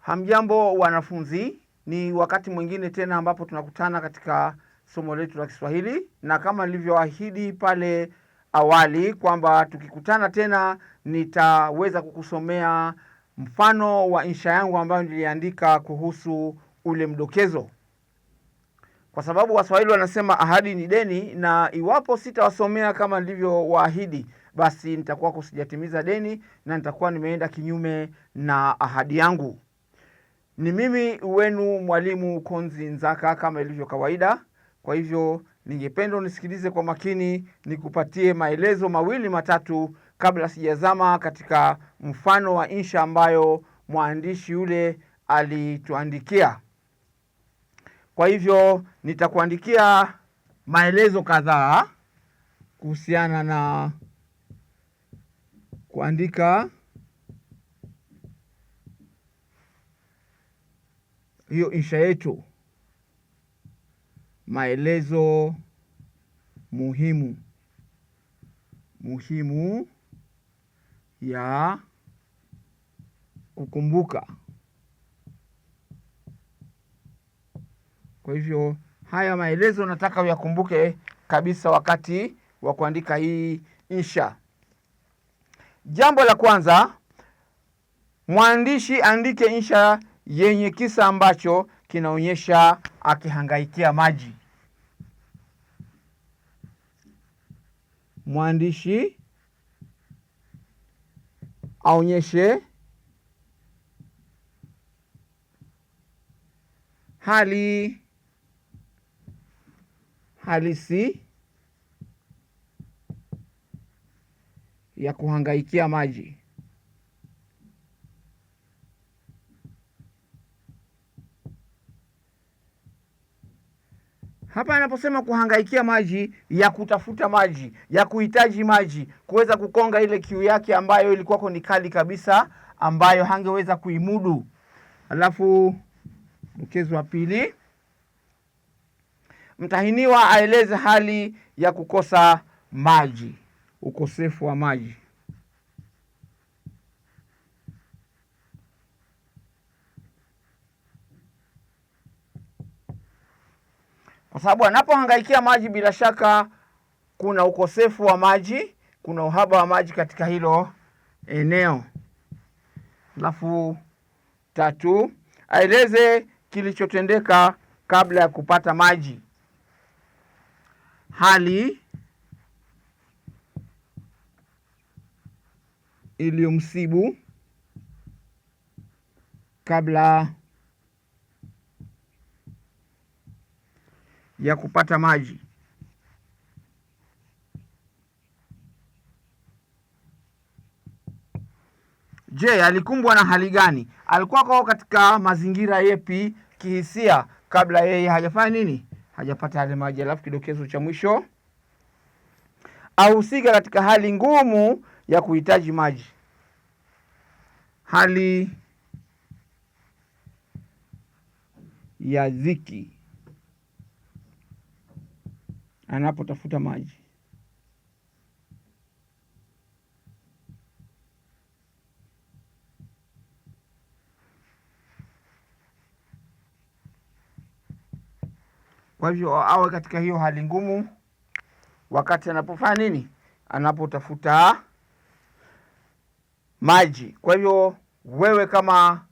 Hamjambo wanafunzi, ni wakati mwingine tena ambapo tunakutana katika somo letu la Kiswahili, na kama nilivyoahidi pale awali kwamba tukikutana tena nitaweza kukusomea mfano wa insha yangu ambayo niliandika kuhusu ule mdokezo, kwa sababu Waswahili wanasema ahadi ni deni, na iwapo sitawasomea kama nilivyowaahidi basi nitakuwa kusijatimiza deni na nitakuwa nimeenda kinyume na ahadi yangu. Ni mimi wenu Mwalimu Konzi Nzaka kama ilivyo kawaida. Kwa hivyo, ningependa unisikilize kwa makini, nikupatie maelezo mawili matatu kabla sijazama katika mfano wa insha ambayo mwandishi yule alituandikia. Kwa hivyo, nitakuandikia maelezo kadhaa kuhusiana na kuandika hiyo insha yetu maelezo muhimu muhimu ya kukumbuka. Kwa hivyo haya maelezo nataka uyakumbuke kabisa wakati wa kuandika hii insha. Jambo la kwanza, mwandishi andike insha yenye kisa ambacho kinaonyesha akihangaikia maji. Mwandishi aonyeshe hali halisi ya kuhangaikia maji. Hapa anaposema kuhangaikia maji, ya kutafuta maji, ya kuhitaji maji, kuweza kukonga ile kiu yake ambayo ilikuwako ni kali kabisa, ambayo hangeweza kuimudu. Alafu mchezo wa pili, mtahiniwa aeleze hali ya kukosa maji ukosefu wa maji. Kwa sababu anapohangaikia maji, bila shaka kuna ukosefu wa maji, kuna uhaba wa maji katika hilo eneo. Alafu tatu, aeleze kilichotendeka kabla ya kupata maji. Hali iliyomsibu kabla ya kupata maji. Je, alikumbwa na hali gani? Alikuwa kwao katika mazingira yepi kihisia kabla yeye hajafanya nini, hajapata yale maji? Alafu kidokezo cha mwisho, ahusika katika hali ngumu ya kuhitaji maji. Hali ya dhiki anapotafuta maji. Kwa hivyo awe katika hiyo hali ngumu wakati anapofanya nini, anapotafuta maji. Kwa hivyo wewe kama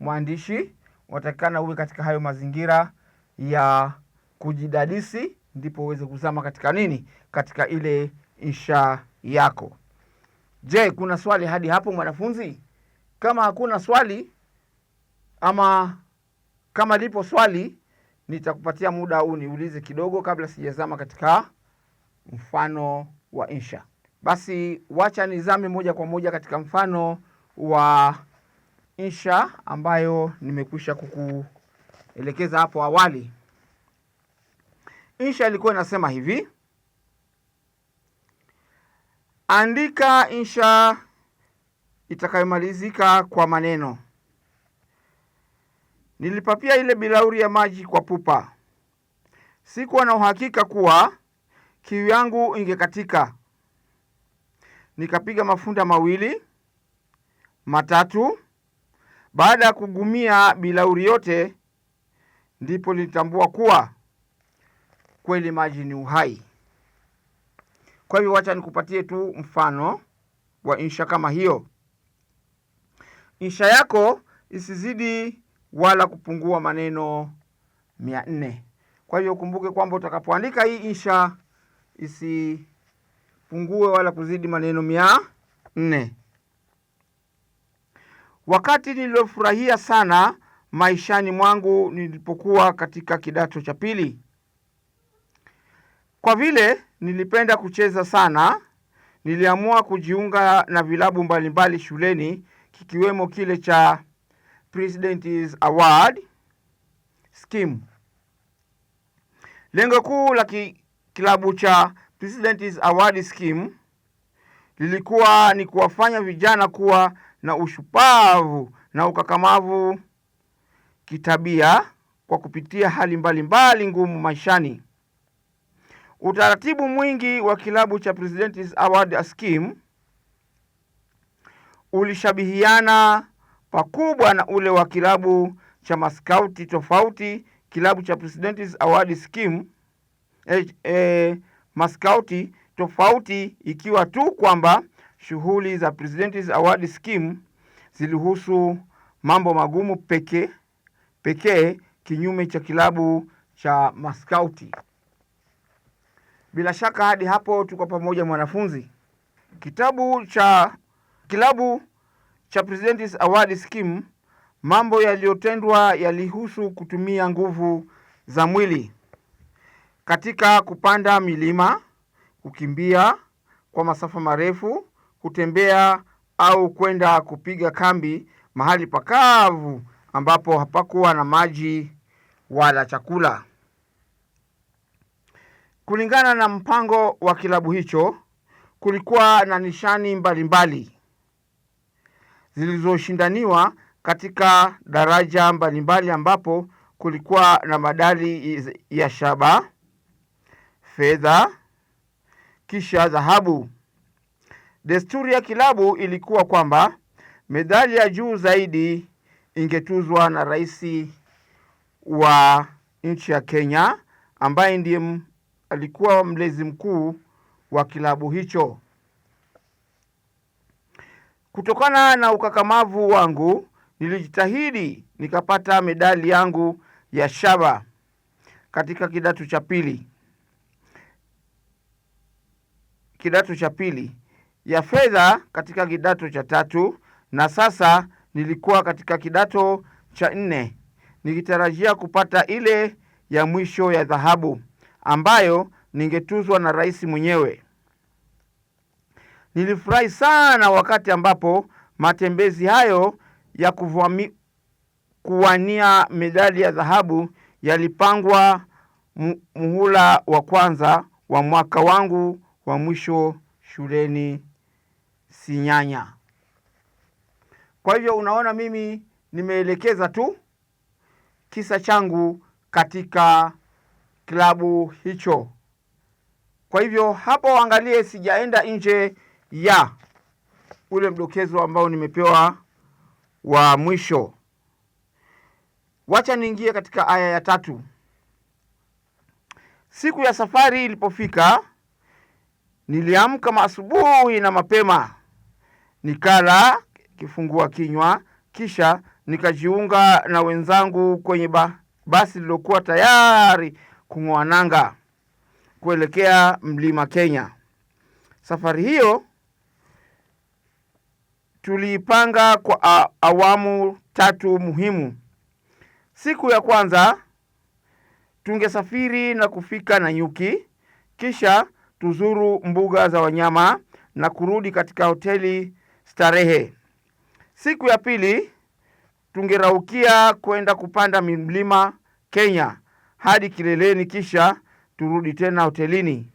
mwandishi unatakikana uwe katika hayo mazingira ya kujidadisi, ndipo uweze kuzama katika nini, katika ile insha yako. Je, kuna swali hadi hapo mwanafunzi? Kama hakuna swali ama kama lipo swali, nitakupatia muda au niulize kidogo, kabla sijazama katika mfano wa insha. Basi wacha nizame moja kwa moja katika mfano wa insha ambayo nimekwisha kukuelekeza hapo awali. Insha ilikuwa inasema hivi: andika insha itakayomalizika kwa maneno, nilipapia ile bilauri ya maji kwa pupa, sikuwa na uhakika kuwa kiu yangu ingekatika nikapiga mafunda mawili matatu. Baada ya kugumia bilauri yote, ndipo nilitambua kuwa kweli maji ni uhai. Kwa hivyo, wacha nikupatie tu mfano wa insha kama hiyo. Insha yako isizidi wala kupungua maneno mia nne. Kwa hivyo, ukumbuke kwamba utakapoandika hii insha isi isipungue wala kuzidi maneno mia nne. Wakati nililofurahia sana maishani mwangu nilipokuwa katika kidato cha pili, kwa vile nilipenda kucheza sana, niliamua kujiunga na vilabu mbalimbali shuleni kikiwemo kile cha President's Award Scheme. Lengo kuu la kilabu cha President's Award Scheme lilikuwa ni kuwafanya vijana kuwa na ushupavu na ukakamavu kitabia kwa kupitia hali mbalimbali mbali ngumu maishani. Utaratibu mwingi wa kilabu cha President's Award Scheme ulishabihiana pakubwa na ule wa kilabu cha maskauti tofauti. Kilabu cha President's Award Scheme eh, eh, maskauti, tofauti ikiwa tu kwamba shughuli za President's Award Scheme zilihusu mambo magumu pekee pekee, kinyume cha kilabu cha maskauti. Bila shaka hadi hapo tuko pamoja mwanafunzi. Kitabu cha kilabu cha President's Award Scheme, mambo yaliyotendwa yalihusu kutumia nguvu za mwili katika kupanda milima, kukimbia kwa masafa marefu, kutembea au kwenda kupiga kambi mahali pakavu ambapo hapakuwa na maji wala chakula. Kulingana na mpango wa kilabu hicho, kulikuwa na nishani mbalimbali zilizoshindaniwa katika daraja mbalimbali, ambapo kulikuwa na madali ya shaba, fedha, kisha dhahabu. Desturi ya kilabu ilikuwa kwamba medali ya juu zaidi ingetuzwa na rais wa nchi ya Kenya ambaye ndiye alikuwa mlezi mkuu wa kilabu hicho. Kutokana na ukakamavu wangu, nilijitahidi nikapata medali yangu ya shaba katika kidato cha pili kidato cha pili, ya fedha katika kidato cha tatu, na sasa nilikuwa katika kidato cha nne nikitarajia kupata ile ya mwisho ya dhahabu ambayo ningetuzwa na rais mwenyewe. Nilifurahi sana wakati ambapo matembezi hayo ya kuvami, kuwania medali ya dhahabu yalipangwa muhula wa kwanza wa mwaka wangu wa mwisho shuleni Sinyanya. Kwa hivyo unaona, mimi nimeelekeza tu kisa changu katika kilabu hicho. Kwa hivyo hapo angalie, sijaenda nje ya ule mdokezo ambao nimepewa wa mwisho. Wacha niingie katika aya ya tatu. Siku ya safari ilipofika Niliamka maasubuhi na mapema, nikala kifungua kinywa, kisha nikajiunga na wenzangu kwenye ba, basi lilokuwa tayari kung'oa nanga kuelekea mlima Kenya. Safari hiyo tuliipanga kwa awamu tatu muhimu. Siku ya kwanza tungesafiri na kufika na nyuki kisha tuzuru mbuga za wanyama na kurudi katika hoteli starehe. Siku ya pili tungeraukia kwenda kupanda mlima Kenya hadi kileleni, kisha turudi tena hotelini.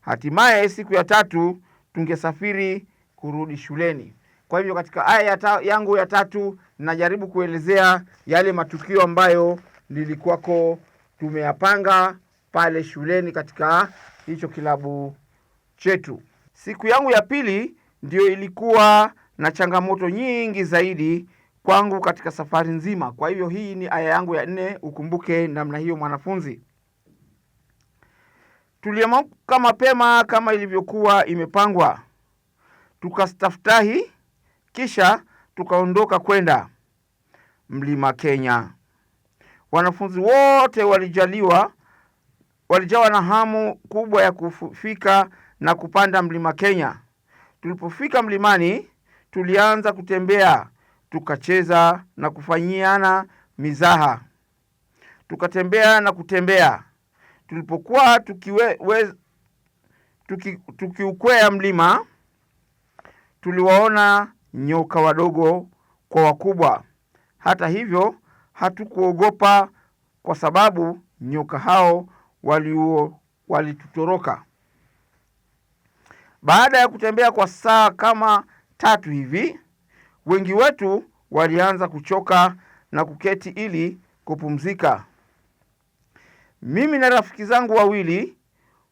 Hatimaye siku ya tatu tungesafiri kurudi shuleni. Kwa hivyo katika aya ya ta, yangu ya tatu najaribu kuelezea yale matukio ambayo nilikuwako tumeyapanga pale shuleni katika hicho kilabu chetu. Siku yangu ya pili ndiyo ilikuwa na changamoto nyingi zaidi kwangu katika safari nzima. Kwa hivyo hii ni aya yangu ya nne. Ukumbuke namna hiyo mwanafunzi. Tuliamka mapema kama ilivyokuwa imepangwa, tukastaftahi, kisha tukaondoka kwenda mlima Kenya. Wanafunzi wote walijaliwa walijawa na hamu kubwa ya kufika na kupanda mlima Kenya. Tulipofika mlimani, tulianza kutembea, tukacheza na kufanyiana mizaha, tukatembea na kutembea. Tulipokuwa tukiwe, tuki, tukiukwea mlima, tuliwaona nyoka wadogo kwa wakubwa. Hata hivyo, hatukuogopa kwa sababu nyoka hao walio walitutoroka. Baada ya kutembea kwa saa kama tatu hivi, wengi wetu walianza kuchoka na kuketi ili kupumzika. Mimi na rafiki zangu wawili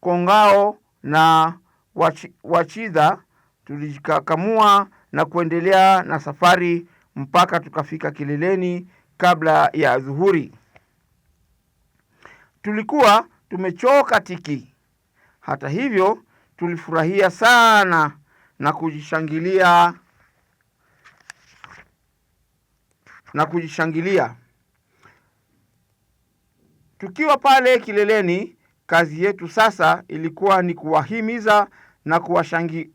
Kongao na wachi, Wachidha tulijikakamua na kuendelea na safari mpaka tukafika kileleni kabla ya dhuhuri. Tulikuwa tumechoka tiki. Hata hivyo, tulifurahia sana na kujishangilia na kujishangilia tukiwa pale kileleni. Kazi yetu sasa ilikuwa ni kuwahimiza na kuwashangi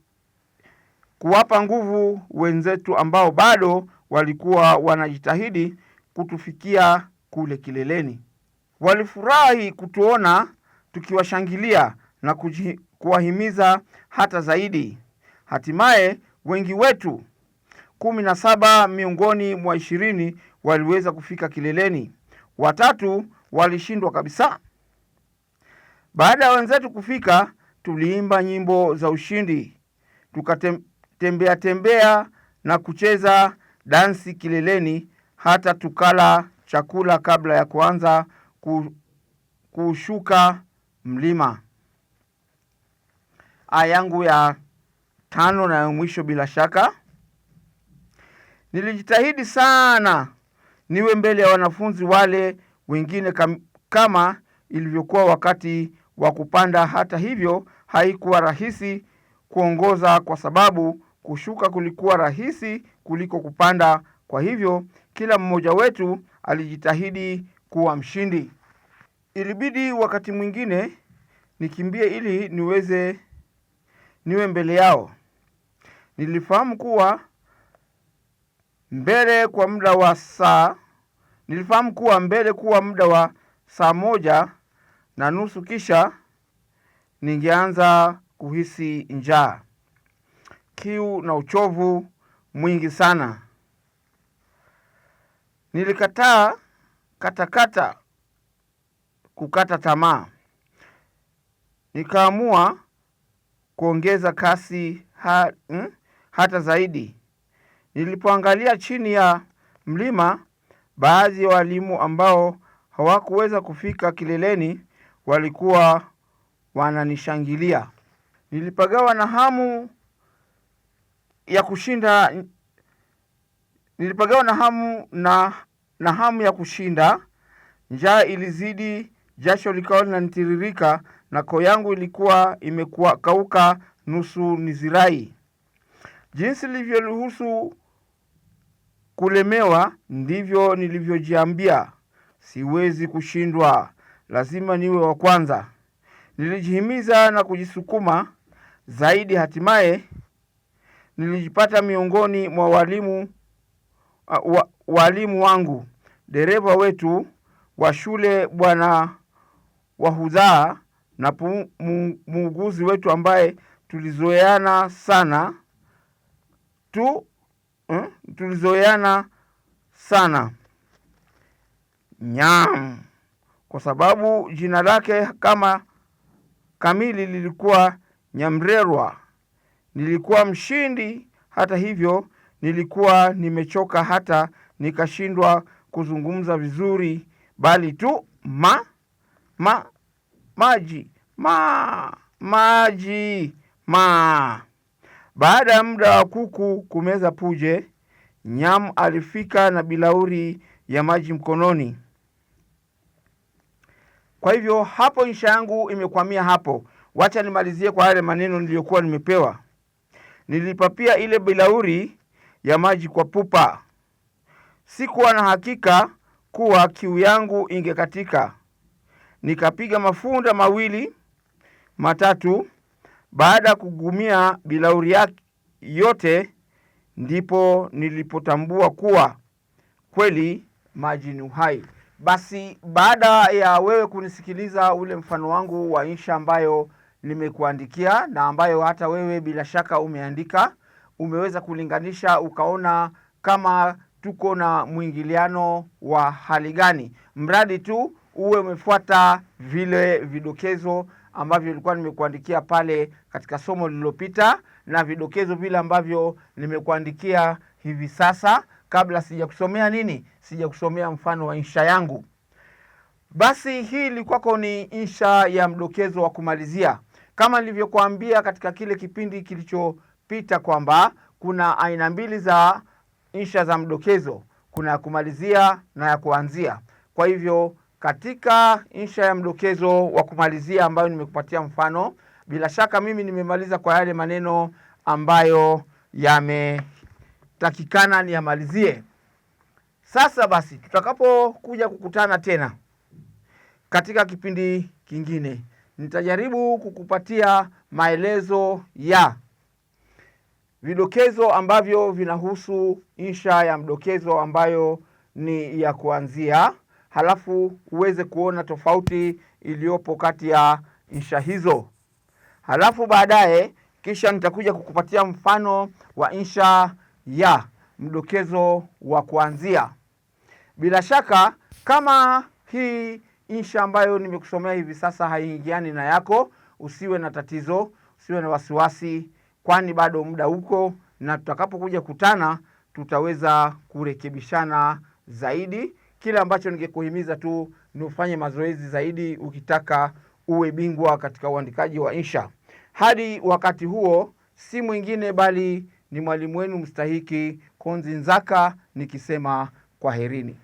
kuwapa nguvu wenzetu ambao bado walikuwa wanajitahidi kutufikia kule kileleni. Walifurahi kutuona tukiwashangilia na kuwahimiza hata zaidi. Hatimaye wengi wetu, kumi na saba miongoni mwa ishirini, waliweza kufika kileleni, watatu walishindwa kabisa. Baada ya wenzetu kufika, tuliimba nyimbo za ushindi, tukatembea tembea na kucheza dansi kileleni, hata tukala chakula kabla ya kuanza kushuka mlima. Aya yangu ya tano na ya mwisho bila shaka, nilijitahidi sana niwe mbele ya wanafunzi wale wengine kam, kama ilivyokuwa wakati wa kupanda. Hata hivyo, haikuwa rahisi kuongoza kwa sababu kushuka kulikuwa rahisi kuliko kupanda. Kwa hivyo, kila mmoja wetu alijitahidi kuwa mshindi. Ilibidi wakati mwingine nikimbie ili niweze niwe mbele yao. Nilifahamu kuwa mbele kwa muda wa saa nilifahamu kuwa mbele kuwa muda wa saa moja na nusu, kisha ningeanza kuhisi njaa, kiu na uchovu mwingi sana. Nilikataa katakata, kukata tamaa. Nikaamua kuongeza kasi ha, hmm, hata zaidi. Nilipoangalia chini ya mlima, baadhi ya walimu ambao hawakuweza kufika kileleni walikuwa wananishangilia. Nilipagawa na hamu ya kushinda, nilipagawa na hamu na na hamu ya kushinda. Njaa ilizidi, jasho likawa linanitiririka, na koo yangu ilikuwa imekuwa kauka nusu nizirai. Jinsi nilivyoruhusu kulemewa, ndivyo nilivyojiambia, siwezi kushindwa, lazima niwe wa kwanza. Nilijihimiza na kujisukuma zaidi. Hatimaye nilijipata miongoni mwa walimu, uh, wa, walimu wangu dereva wetu wa shule Bwana Wahudhaa na muuguzi wetu ambaye tulizoeana sana tu, hmm? tulizoeana sana Nyam, kwa sababu jina lake kama kamili lilikuwa Nyamrerwa. Nilikuwa mshindi. Hata hivyo, nilikuwa nimechoka hata nikashindwa kuzungumza vizuri, bali tu ma ma maji ma maji ma. Baada ya muda wa kuku kumeza puje, nyam alifika na bilauri ya maji mkononi. Kwa hivyo hapo insha yangu imekwamia hapo. Wacha nimalizie kwa yale maneno niliyokuwa nimepewa. Nilipapia ile bilauri ya maji kwa pupa. Sikuwa na hakika kuwa kiu yangu ingekatika. Nikapiga mafunda mawili matatu, baada ya kugumia bilauri yake yote, ndipo nilipotambua kuwa kweli maji ni uhai. Basi baada ya wewe kunisikiliza ule mfano wangu wa insha ambayo nimekuandikia na ambayo hata wewe bila shaka umeandika, umeweza kulinganisha ukaona kama tuko na mwingiliano wa hali gani, mradi tu uwe umefuata vile vidokezo ambavyo nilikuwa nimekuandikia pale katika somo lililopita na vidokezo vile ambavyo nimekuandikia hivi sasa, kabla sijakusomea nini, sijakusomea mfano wa insha yangu. Basi hii ilikuwako ni insha ya mdokezo wa kumalizia, kama nilivyokuambia katika kile kipindi kilichopita kwamba kuna aina mbili za insha za mdokezo, kuna ya kumalizia na ya kuanzia. Kwa hivyo katika insha ya mdokezo wa kumalizia ambayo nimekupatia mfano, bila shaka mimi nimemaliza kwa yale maneno ambayo yametakikana niyamalizie. Sasa basi, tutakapokuja kukutana tena katika kipindi kingine, nitajaribu kukupatia maelezo ya vidokezo ambavyo vinahusu insha ya mdokezo ambayo ni ya kuanzia, halafu uweze kuona tofauti iliyopo kati ya insha hizo, halafu baadaye kisha nitakuja kukupatia mfano wa insha ya mdokezo wa kuanzia. Bila shaka kama hii insha ambayo nimekusomea hivi sasa haiingiani na yako, usiwe na tatizo, usiwe na wasiwasi kwani bado muda uko, na tutakapokuja kutana tutaweza kurekebishana zaidi. Kile ambacho ningekuhimiza tu ni ufanye mazoezi zaidi, ukitaka uwe bingwa katika uandikaji wa insha. Hadi wakati huo, si mwingine bali ni mwalimu wenu mstahiki Konzi Nzaka nikisema kwaherini.